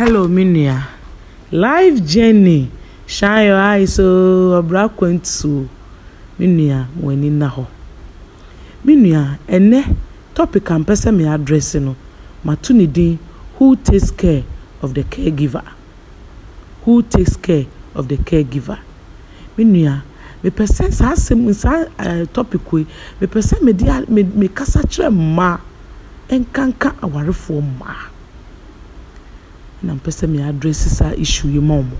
hello me nua life journey shine your eyes o ɔbra kwantuo me nua wɔn na hɔ me nua topic a mpɛ sɛ me address no mato ne din who takes care of the caregiver who takes care of the caregiver me nua mepɛ sɛ saa asɛm saa ɛɛ topic yi mepɛ sɛ me di a me me kasa kyerɛ mmaa nkanka awarefoɔ mmaa. na mpɛ sɛ meadrɛsi saa isu yi ma ɔmo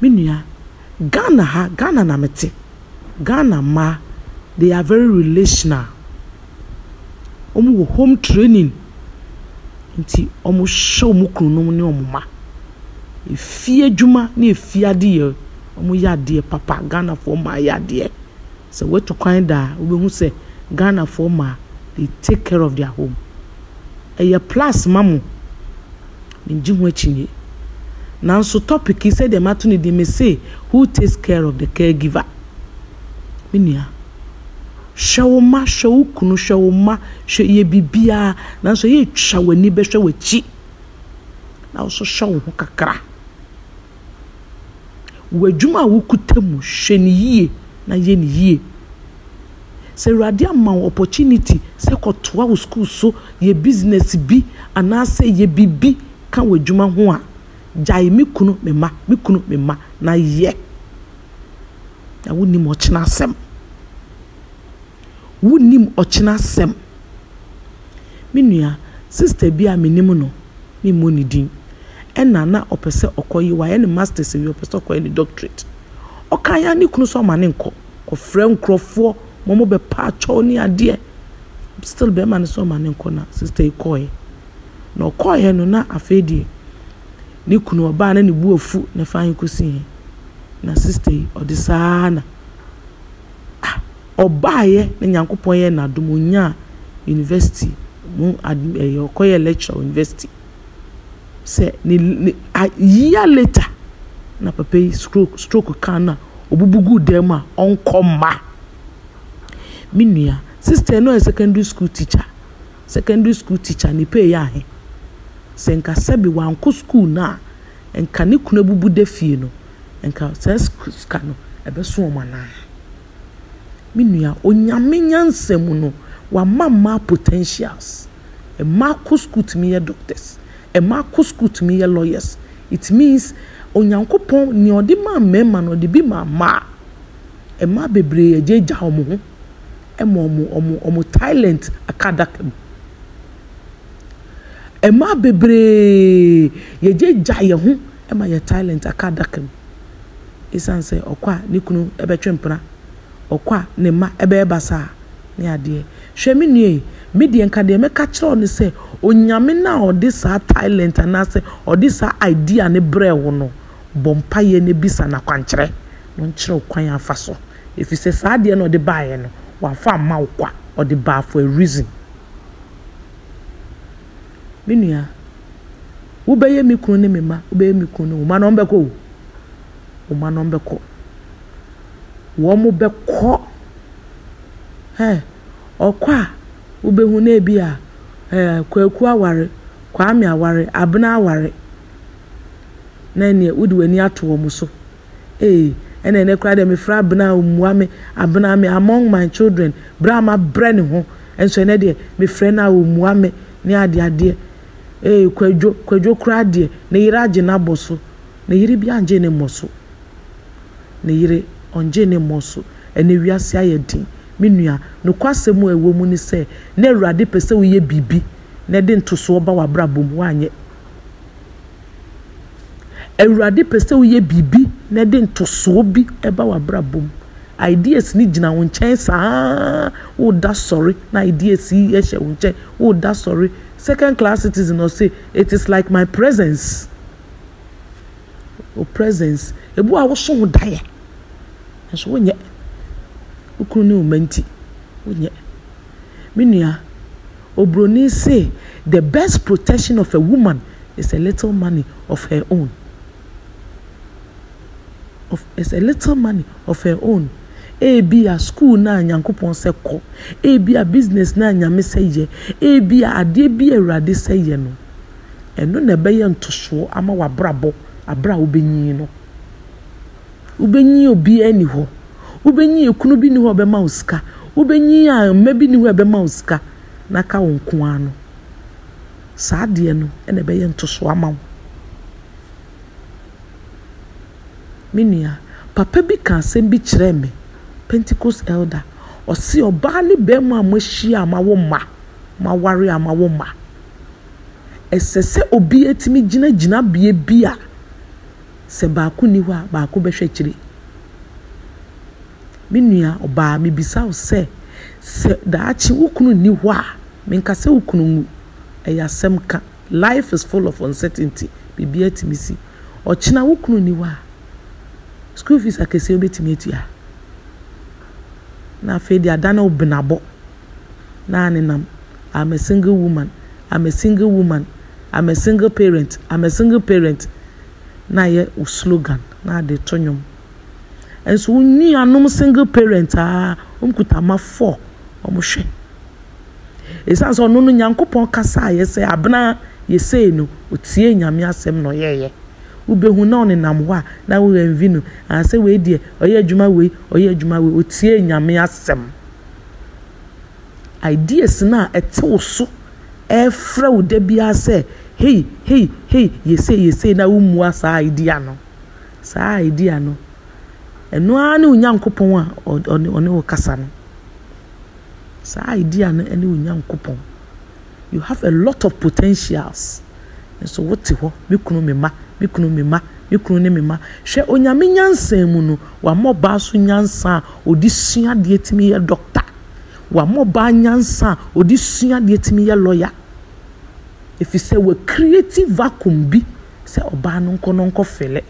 me nua ghana ha ghana na mete ghana ma they are very relational ɔmo wɔ home training nti ɔmo hyɛ ɔmo kununom ne ɔmo ma efie adwuma ne efie adeɛ ɔmo yɛ adeɛ papa ghanafoɔ mmaa yɛ adeɛ sɛ wɔatu kwan da a wobɛhu sɛ ghanafoɔ ma they take care of their home ɛyɛ plus ma mo. megye ho akyinnye nanso topic yi sɛdeɛ mato no di me who takes care of the caregiver me nua hwɛ wo ma hwɛ wo kunu hwɛ wo ma hwɛ yɛ biribiara nanso yɛretwa w'ani bɛhwɛ w'akyi na wo so hwɛ wo ho kakra w'adwuma a wokuta mu hwɛ no yie na yɛ no yie sɛ awurade ama wo opportunity sɛ kɔtoa wo school so yɛ business bi anaasɛ yɛ biribi ka adwuma ho a gyae me kunu me ma me kunu me ma na yɛ na wonim ɔkyena asɛm wonim ɔkyena asɛm me nua sista bi a menim no memmɔ ne din ɛna na ɔpɛ sɛ ɔkɔyi wayɛ ne masters wie ɔpɛ sɛ ɔkɔyɛ ne doctorate ɔka ya ne kunu so ɔma ne nkɔ Ɔfrɛ nkurɔfoɔ ma mo bɛpa atwɛw ne adeɛ still bɛrima no so ɔma ne nkɔ na sista yi kɔɔeɛ na ɔkɔɔeɛ no na afei deɛ ne kunu ɔbaa na ne bu afu na fa kɔsiiɛ na sista yi ɔde saa na ah, ɔbaayɛ na nyankopɔn yɛ n'adom onyaa university mu ɛyɛ eh, ɔkɔyɛ lecturer university sɛ ne ne a year later na papa yi stroke stroke kan na obubu gu dan mu a ɔnkɔ mma me nua sista yi no yɛ secondary school teacher secondary school teacher ne pay yɛ ahe. sɛ nka sɛbi wankɔ sukuu no nka ne kunu abubu de fie no nka saa sika no ɛbɛso wɔn anaa me nua onyame nyansa mu no wama mmaa potentials mmaa kɔ sukuu tumi yɛ doctors mmaa kɔ sukuu tumi yɛ lawyers it means onyankopɔn nea ɔde maa mmarima no ɔde bi maa mmaa mmaa bebree agyagya wɔn ho ma wɔn wɔn wɔn talent akadaka mu. mmaa bebree yɛgye gya yɛn ho ma yɛ talent aka adaka mu ɛsiane sɛ ɔkɔ a ne kunu bɛtwe mpira ɔkɔ a ne mma bɛyɛ basaa ne adeɛ hwɛ me nua yi me deɛ nka deɛ mɛka kyerɛ no sɛ onyame no a ɔde saa talent anaasɛ ɔde saa idea ne brɛ wo no bɔ mpayɛ no bisa no akwankyerɛ no nkyerɛ wo kwan afa so efisɛ saa adeɛ na ɔde baeɛ no wafa ama wo kwa ɔde baa for a reason me nua wobɛyɛ me kunu ne me ma wobɛyɛ me kunu ne wo ma na ɔmbɛkɔ o wo ma na ɔmbɛkɔ wɔn mo bɛkɔ ɛɛ ɔkɔ a wobɛhu na ebi a ɛɛ kwaku aware kwame aware abena aware na nea wode w'ani ato wɔn so ee ɛna ɛnɛ koraa deɛ mefra abena a omua me abena me among my children Brahma ma brɛ ne ho nso ɛnɛ deɛ mefrɛ no a omua me ne adeadeɛ. ee kwadwo kwadwo koraa deɛ ne yere agye n'abɔ so ne yere bi angye ne mmɔ so ne yere ɔngye ne mmɔ so ɛna wiase ayɛ den me nua nokwasɛm a ɛwɔ mu ne sɛ na awurade pɛ sɛ woyɛ biribi na ɛde ntosoɔ ba w'abrabɔ bom woanyɛ awurade pɛ sɛ woyɛ biribi na ɛde ntosoɔ bi ɛba w'abrabɔ bom ideas ni gyina wo nkyɛn saa woda sɔre na ideas yi ɛhyɛ wo nkyɛn woda sɔre second class citizen or say it is like my presence o oh, presence ebu a woso ho daeɛ nso wonyɛ wokuru ni woma nti wonyɛ me nua obroni say the best protection of a woman is a little money of her own of is a little money of her own. ebi a school naa nyankopɔn sɛ kɔ a business naa nyame sɛ yɛ ebia adeɛ bi awurade sɛ yɛ no ɛno na ɛbɛyɛ ntosoɔ ama w'abrabɔ abra a wobɛnyin no wobɛnyin obi ani hɔ wobɛnyin ekunu bi ni hɔ ɛbɛma wo sika wobɛnyin a mma bi ni hɔ ɛbɛma wo sika n'aka wo nko ano saa adeɛ no ɛna ɛbɛyɛ ntosoɔ ama wo me nua papa bi ka asɛm bi kyerɛ me. pentecost elder ɔsi ɔbaa ne bɛrima a mo ahyia a mo awo ma mo aware a mo awo ma ɛsɛ sɛ obi etimi gyinagyina bea bi a sɛ baako ni hɔ a baako bɛhwɛ akyire me nua ɔbaa me bisa wo sɛ sɛ daakye wo kunu ni hɔ a menka sɛ wo kunu ɛyɛ asɛm ka life is full of uncertainty biribi atumi si ɔkyena wo kunu ni hɔ a school fees akɛseɛ wobɛtumi atua na afei deɛ ada ne wo benabɔ na anenam I'm a single woman I'm a single woman I'm a single parent I'm a single parent na yɛ wo slogan na adị to nnwom nso wo nuanom single parent a wɔn kuta ma four wɔn hwɛ esan so ɔno no nyankopɔn kasa a yɛsɛ abena yɛsɛ no otie nyame asɛm na ɔyɛɛyɛ. wobɛhu na ɔnenam hɔ a na woanvi no ansɛ wei deɛ ɔyɛ adwuma wei ɔyɛ adwuma wei ɔtie nyame asɛm ideas no a ɛte wo so ɛfrɛ wo da biara sɛ hei hei hei yɛsei yɛsei na wommua saa idea no saa idea no ɛno ara ne wo nyankopɔn a ɔne wo kasa no saa idea no ne wo nyankopɔn you have a lot of potentials nso wote hɔ me kunu me ma me kunu me ma me kunu ne me ma hwɛ onyame nyansa mu no wamɔ baa so nyansa a ɔde sua deɛ tumi yɛ dɔkta wamɔ baa nyansa a ɔde sua deɛ tumi yɛ lɔya efi wɔ creative vacuum bi sɛ ɔbaa no nkɔ no nkɔ fɛlɛ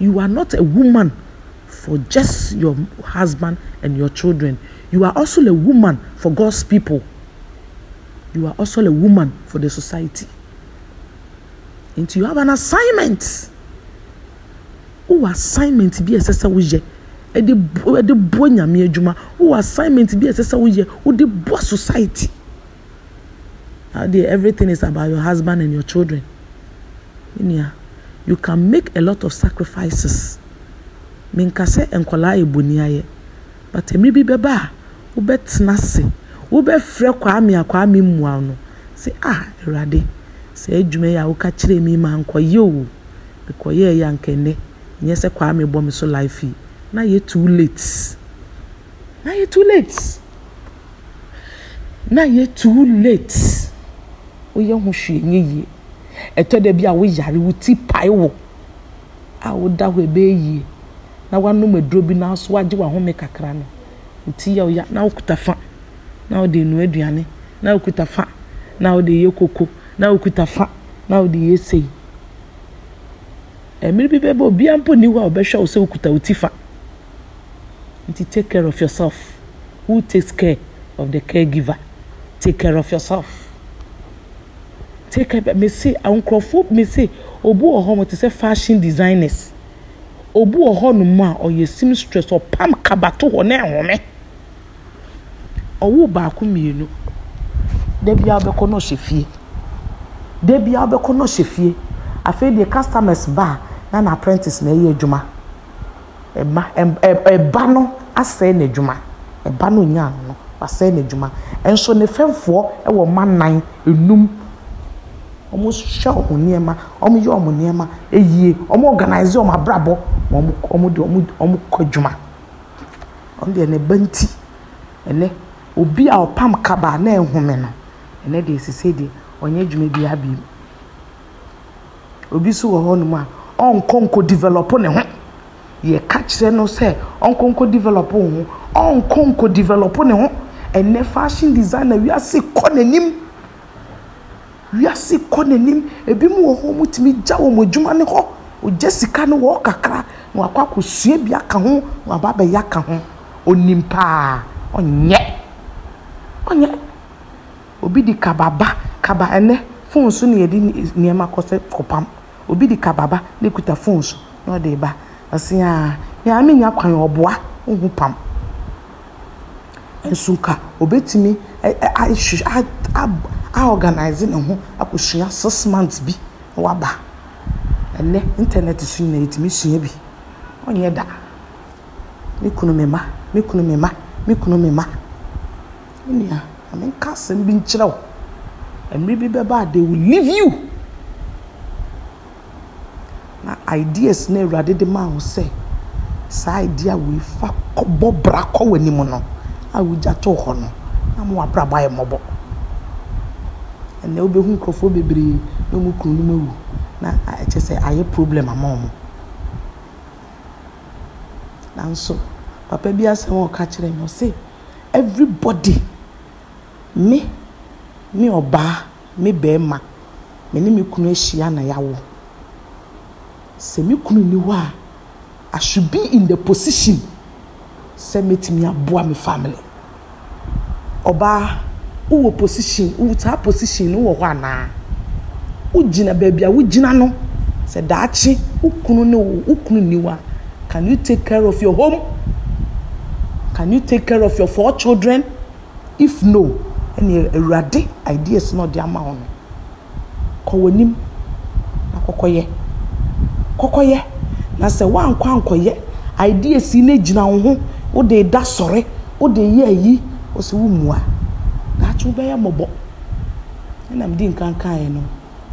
you are not a woman for just your husband and your children you are also a woman for God's people you are also a woman for the society nti you have an assignment wowɔ assignment bi ɛsɛ sɛ woyɛ ɛde ɛde bua nyame adwuma wowɔ assignment bi ɛsɛ sɛ woyɛ wode bua society out there everything is about your husband and your children nia you can make a lot of sacrifices menka sɛ nkɔlaa yɛ boni but mmiri bi bɛba a wobɛtena se wobɛfrɛ kwame a kwame mua no sɛ ah awurade saa adwuma yi a woka kyerɛɛ me ma nkɔyɛ o mekɔyɛɛ yɛ anka nyɛ sɛ kwaa mebɔ me so life na yɛ too late na yɛ too late na yɛ too late woyɛ ho hwee nyɛ yie ɛtɔ da bi a woyare wo ti pae wo a woda hɔ ɛbɛyɛ yie na wanom aduro bi na so wagye wahome kakra no wo ti yɛ woya na wokuta fa na wode nnua aduane na wokuta fa na wode yɛ koko na okuta fa na ɔde yɛ eh, sei ɛmiri bi bɛbɛ obiara mpo ni hɔ a ɔbɛhwɛ ɔsɛ okuta oti fa nti take care of yourself who takes care of the caregiver take care of yourself take care mese nkurɔfoɔ mese obu wɔ hɔ mo te sɛ fashion designers obu wɔ hɔ nom a ɔyɛ seamstress ɔpam kabato hɔ na ɛhome ɔwo baako mmienu dabi a ɔbɛkɔ na ɔhyɛ fie. da biara wobɛkɔ na ɔhyɛ fie afei deɛ customers ba na na apprentice na ɛyɛ adwuma ɛma e ɛba e, e, no asɛɛ n'adwuma ɛba no nya no wasɛe n'adwuma nso ne fɛnfoɔ ɛwɔ mma nan enum wɔn hwɛ wɔn nneɛma wɔn yɛ wɔn nneɛma eyie wɔn organize wɔn abrabɔ wɔn wɔn de wɔn wɔn kɔ adwuma wɔn deɛ ne ba nti ɛnɛ obi a ɔpam kaba na ɛhome no ɛnɛ deɛ sisi deɛ. ɔnyɛ dwumadie abiem obi so wɔ hɔnom a ɔnkɔ nkɔ develop ne ho yɛka kyerɛ no sɛ ɔnkɔ nkɔ develop ne ho ɔnkɔ nkɔ develop ne ho ɛnɛ fashion designer wiase kɔ n'anim wiase kɔ n'anim ebi mu wɔ hɔ mutumi gya wɔn adwuma ne hɔ ogye sika no wɔ kakra na wakɔ akɔsua bi aka ho na waba abɛyɛ aka ho onim paa ɔnyɛ ɔnyɛ obi de kababa kaba ɛnɛ phone so na yɛde nneɛma kɔsɛ kɔpam obi de kababa na ekuta phone so na ɔde ba ɔsi aa yaame nya kwan ɔboa ohu pam nsuka obetumi ɛ e, ɛ e, ahwɛ e, a a a organize ne ho akosua six months bi na waba ɛnɛ internet so nyinaa yɛtumi sua bi ɔnyɛ da me kunu me ma me kunu me ma me kunu me ma nua menka asɛm bi nkyerɛ wo mmerɛ bi bɛba a they will leave you na ideas na awurade de maa wo sɛ saa idea wei fa bɔ bra kɔ w'anim no a wogya too hɔ no na ma wabrabɔ ayɛ mmɔbɔ ɛnɛ wobɛhu nkurɔfoɔ bebree na ɔmu kunu no mu awu na ɛkyɛ sɛ ayɛ problem ama ɔmo nanso papa bi asɛm a ɔka kyerɛ me ɔse everybody me me ɔbaa me barima me ne me kunu ahyia na yawo sɛ me kunu ni hɔ a i should be in the position sɛ metumi aboa me family ɔbaa wowɔ position wo saa position no wɔ hɔ anaa wogyina baabi a wogyina no sɛ daakye wo ne wo ni hɔ a can you take care of your home can you take care of your four children if no. ɛna awurade ideas na ɔde ama wɔn kɔ wɔn anim na kɔkɔyɛ kɔkɔyɛ na sɛ wankɔ ankɔyɛ ideas yi na gyina wɔn ho wɔde da sɔre wɔde yɛ ayi wɔsɛ wɔmmua n'akyi wɔbɛyɛ mɔbɔ ɛna mu di nkankan yɛ no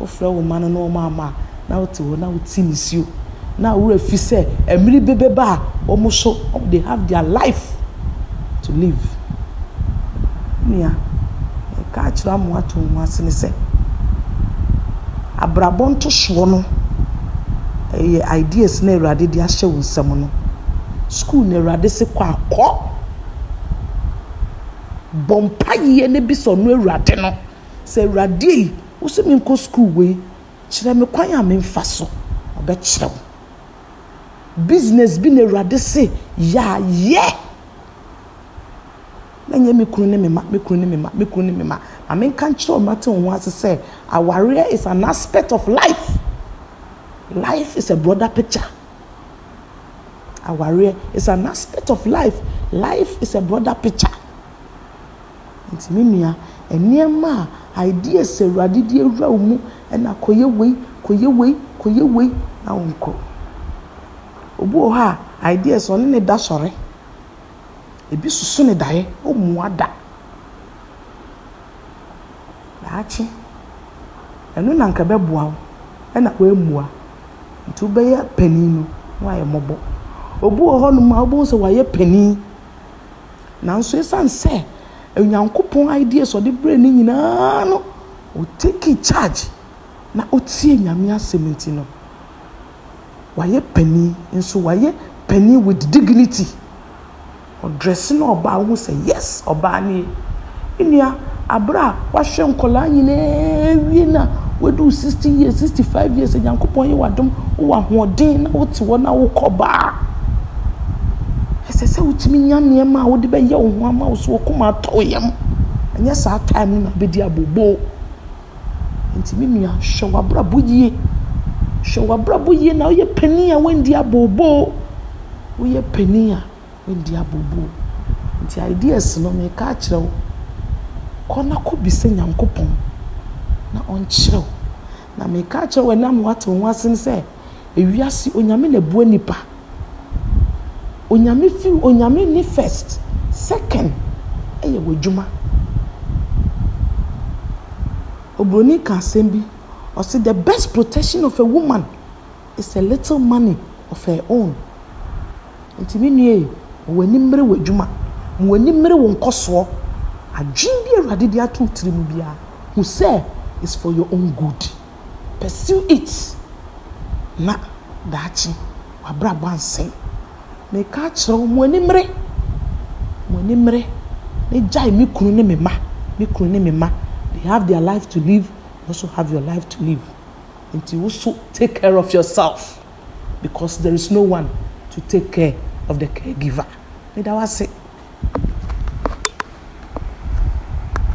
wɔfrɛ wɔn mma na wɔn ama na wɔte hɔ na wɔte nsuo na awura fi sɛ mmiri bebe ba a wɔn so they have their life to live. Yeah. ka akyerɛ amoa to ho ase ne sɛ abrabɔ ntosoɔ no ɛyɛ ideas na awurade de ahyɛ wo nsɛm no sukuu na awurade se kɔ akɔ bɔ mpa yie ne bi sɛ ɔno awurade no sɛ awurade yi wosi mi nkɔ sukuu wei kyerɛ mi kwan a mi nfa so ɔbɛkyerɛ business bi na awurade se yɛ a yɛ. yeah na nyɛ me kunu ne me ma me kunu ne me ma me kunu ne me ma maame nka nkyerɛ ɔmo ate wɔn ho ase sɛ awareɛ is an aspect of life life is a broader picture awareɛ is an aspect of life life is a broader picture nti me nua nneɛma a ideas awurade de awura wo mu ɛna kɔyɛ wei kɔyɛ wei kɔyɛ wei na wɔn kɔ obi wɔ hɔ a ideas ɔne ne da sɔre. ebi soso ne daeɛ ɔmmoa da daakye ɛno na nka bɛboa wo ɛna woammua nti wobɛyɛ panin no na wayɛ mmɔbɔ obi wɔ hɔnom a wobɛhu sɛ wayɛ panin nanso ɛsiane sɛ onyankopɔn ideas ɔde berɛ ne nyinaa no ɔtaki charge na ɔtie nyame asɛm nti no wayɛ panyin nso wayɛ panyin with dignity ɔdrɛse na ɔbaa ho sɛ yes ɔbaa ne nnua abere a wahwɛ nkɔlaa nyinaa wie na wadu sixty years sixty five years nyankopɔn yi wadom wowɔ ahoɔden na wote hɔ na wokɔ baa ɛsɛ sɛ wotumi nya nneɛma a wode bɛyɛ wo ho ama wo so wɔkoma atɔ wo yam ɛnyɛ saa time no na bɛdi abobo nti me nua hwɛ w'abrabɔ yie hwɛ w'abrabɔ yie na woyɛ panin a wondi abobo woyɛ panin a ndi abobo nti ideas no meka akyerɛ wo kɔ na kɔbisa nyankopɔn na ɔnkyerɛ wo na meka akyerɛ wo ɛnam wate wo ho ase ne sɛ ewiase onyame na ebue nipa onyame fi onyame ni first second ɛyɛ w'adwuma obroni ka asɛm bi ɔsi the best protection of a woman is a little money of her own nti mi nua yi wɔn ani mmere wɔ adwuma wɔn ani mmere wɔ nkɔsoɔ adwene bi awurade de ato tiri mu biara who say is for your own good pursue it na daakye wabra abansɛn na ɛka akyerɛ wɔn ani mmere wɔn ani mmere na gyae me kunu ne me ma me kunu ne me ma they have their life to live you also have your life to live you also take care of yourself because there is no one to take care of the caregiver meda wase